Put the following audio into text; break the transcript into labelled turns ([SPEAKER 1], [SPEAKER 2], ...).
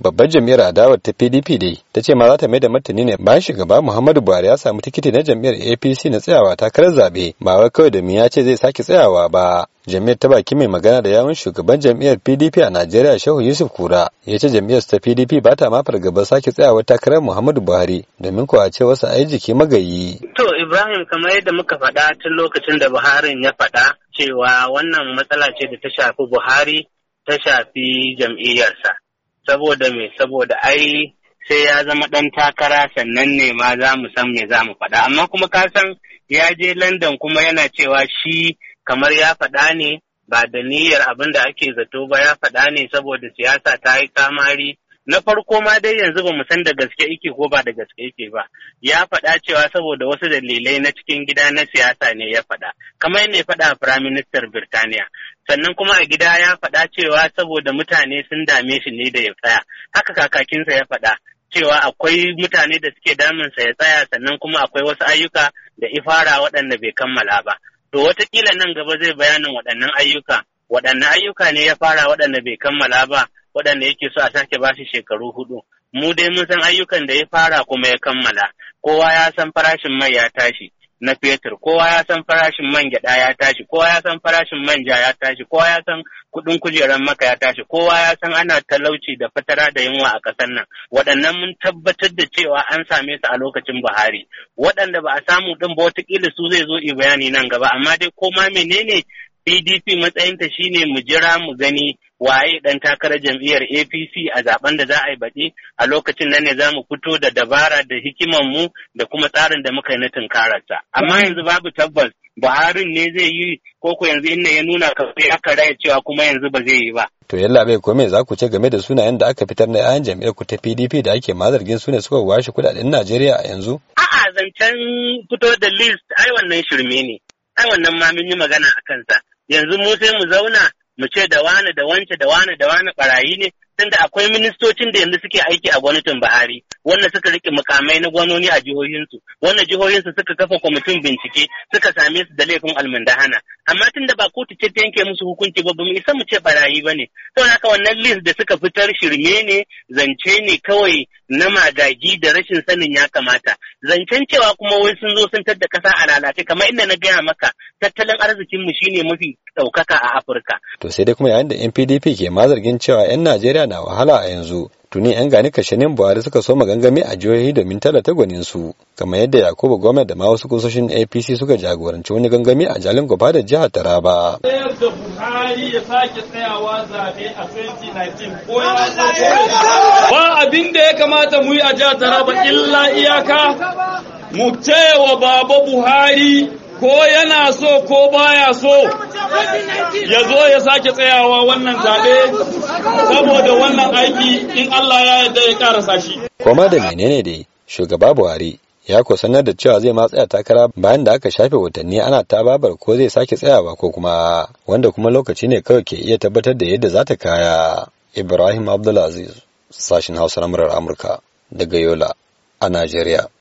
[SPEAKER 1] babbar jam'iyyar adawar ta pdp dai ta ce ma za ta mai da martani ne bayan shugaba muhammadu buhari ya samu tikiti na jam'iyyar apc na tsayawa takarar zaɓe ba wai kawai da ya ce zai sake tsayawa ba jam'iyyar ta baki mai magana da yawun shugaban jam'iyyar pdp a najeriya shehu yusuf kura ya ce jam'iyyar ta pdp ba ta ma fargaba sake tsayawa takarar muhammadu buhari domin kuwa ce wasu ai jiki magayi.
[SPEAKER 2] to ibrahim kamar yadda muka faɗa tun lokacin da buharin ya faɗa cewa wannan matsala ce da ta shafi buhari ta shafi jam'iyyarsa saboda me saboda ai sai ya zama ɗan takara sannan ne ma za mu san me za mu faɗa amma kuma ka san ya je london kuma yana cewa shi kamar ya faɗa ne ba da niyyar abin da ake zato ba ya faɗa ne saboda siyasa ta yi kamari na farko ma dai yanzu ba mu san da gaske yake ko ba da gaske yake ba ya faɗa cewa saboda wasu dalilai na cikin gida na siyasa ne ya faɗa kamar yana faɗa a Firaministan Birtaniya sannan kuma a gida ya faɗa cewa saboda mutane sun dame shi ne da ya tsaya haka kakakinsa ya faɗa cewa akwai mutane da suke damunsa ya tsaya sannan kuma akwai wasu ayyuka da ifara waɗanda bai kammala ba to watakila nan gaba zai bayanin waɗannan ayyuka waɗanne ayyuka ne ya fara waɗanda bai kammala ba waɗanda yake so a sake ba shi shekaru hudu mu dai mun san ayyukan da ya fara kuma ya kammala kowa ya san farashin mai ya tashi na fetur kowa ya san farashin man gyada ya tashi kowa ya san farashin manja ya tashi kowa ya san kudin kujeran maka ya tashi kowa ya san ana talauci da fatara da yunwa a ƙasar nan waɗannan mun tabbatar da cewa an same su a lokacin Buhari waɗanda ba a samu ɗin ba wataƙila su zai zo i bayani nan gaba amma dai koma menene PDP matsayinta shine mu jira mu gani waye dan takarar jam'iyyar APC a zaben da za a yi baɗi a lokacin nan ne za mu fito da dabara da hikimar mu da kuma tsarin da muka yi na tunkararsa. Amma yanzu babu tabbas Buhari ne zai yi koko yanzu inda ya nuna kafin aka raya cewa kuma yanzu ba zai yi ba.
[SPEAKER 1] To yalla bai kome za ku ce game da sunayen da aka fitar na 'ya'yan jam'iyyar ku ta PDP da ake ma zargin su ne suka washe kudaden Najeriya a yanzu?
[SPEAKER 2] A'a zancen fito da list ai wannan shirme ne. Ai wannan ma mun yi magana a kansa. yanzu mu sai mu zauna mu ce da wani da wance da wani da wani barayi ne tunda akwai ministocin da yanzu suke aiki a gwamnatin Buhari wanda suka rike mukamai na gwanoni a jihohinsu wanda jihohinsu suka kafa kwamitin bincike suka same su da laifin almundahana amma tunda ba kotu ce ta yanke musu hukunci ba mu isa mu ce barayi ba ne saboda haka wannan list da suka fitar shirme ne zance ne kawai na magagi da rashin sanin ya kamata zancen cewa kuma wai sun zo sun tadda kasa a lalace kamar inda na gaya maka tattalin arzikinmu shine mafi ɗaukaka a Afirka
[SPEAKER 1] to sai dai kuma yayin da NPDP ke ma zargin cewa 'yan Najeriya na wahala a yanzu tuni 'yan gani kashenin Buhari suka so magangami a jihohi domin talata gwanin su kamar yadda Yakubu Gomez da ma wasu kusoshin APC suka jagoranci wani gangami a Jalin Gwaba da jihar Taraba. da Buhari ya sake tsayawa zaɓe a 2019 ko ba abin
[SPEAKER 2] ya kamata mu yi a jihar Taraba illa iyaka mu ce wa Baba Buhari ko yana so ko baya so ya zo ya sake tsayawa wannan zaɓe saboda wannan aiki in Allah
[SPEAKER 1] ya yarda ya karasa shi. Koma da menene dai shugaba Buhari ya ko sanar da cewa zai ma takara bayan da aka shafe watanni ana ta babar ko zai sake tsayawa ko kuma wanda kuma lokaci ne kawai ke iya tabbatar da yadda za ta kaya. Ibrahim Abdulaziz, sashin Hausa na Amurka daga Yola a Najeriya.